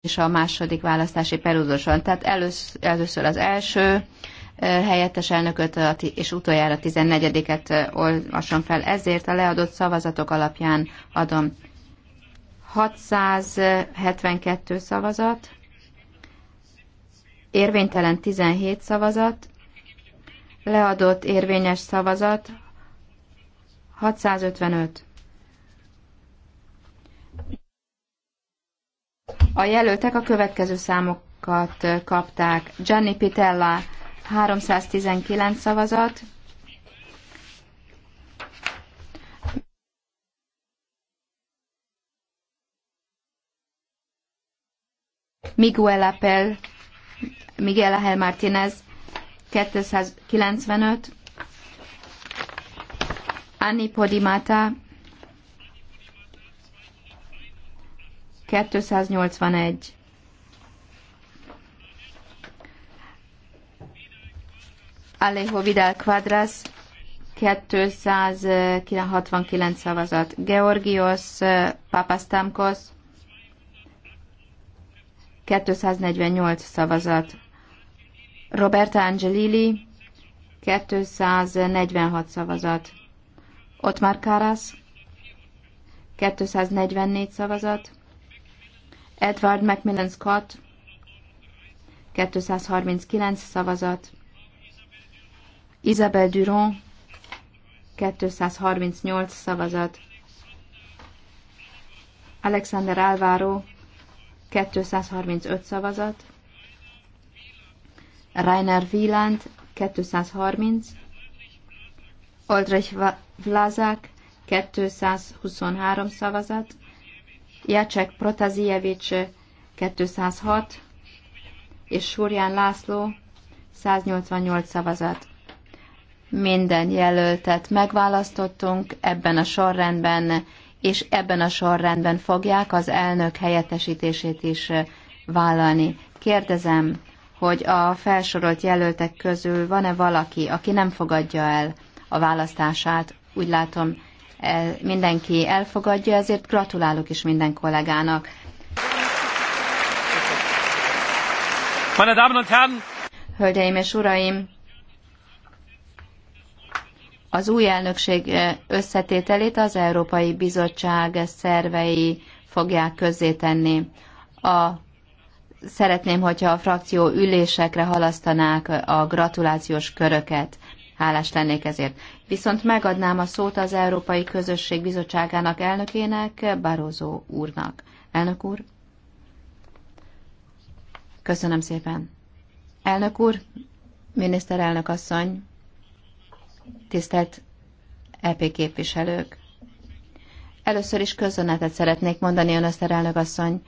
és a második választási perióduson. Tehát elősz, először az első helyettes elnököt és utoljára a tizennegyediket olvasom fel. Ezért a leadott szavazatok alapján adom 672 szavazat, érvénytelen 17 szavazat, leadott érvényes szavazat 655. A jelöltek a következő számokat kapták. Gianni Pitella 319 szavazat, Miguel Apel, Miguel Ángel Martínez 295, Anni Podimata 281. Alejo Vidal Quadras 269 szavazat. Georgios eh, Papastamkos 248 szavazat. Roberta Angelilli 246 szavazat. Otmar Karas 244 szavazat. Edward Macmillan Scott 239 szavazat, Isabel Duron 238 szavazat, Alexander Alvaro 235 szavazat, Rainer Wieland 230, Oldrich Vlazák 223 szavazat, Jacek Protazijevics 206 és Súrján László 188 szavazat. Minden jelöltet megválasztottunk, ebben a sorrendben, és ebben a sorrendben fogják az elnök helyettesítését is vállalni. Kérdezem, hogy a felsorolt jelöltek közül van-e valaki, aki nem fogadja el a választását? Úgy látom, mindenki elfogadja, ezért gratulálok is minden kollégának. Meine Damen und Herren! Hölgyeim és Uraim! Az új elnökség eh, összetételét az Európai Bizottság szervei fogják közzétenni. A szeretném, hogyha a frakció ülésekre halasztanák a gratulációs köröket. Hálás lennék ezért. Viszont megadnám a szót az Európai Közösség Bizottságának elnökének, Barozó úrnak. Elnök úr? Köszönöm szépen. Elnök úr, miniszterelnök asszony, tisztelt EP képviselők! Először is köszönetet szeretnék mondani ön, elnök asszony,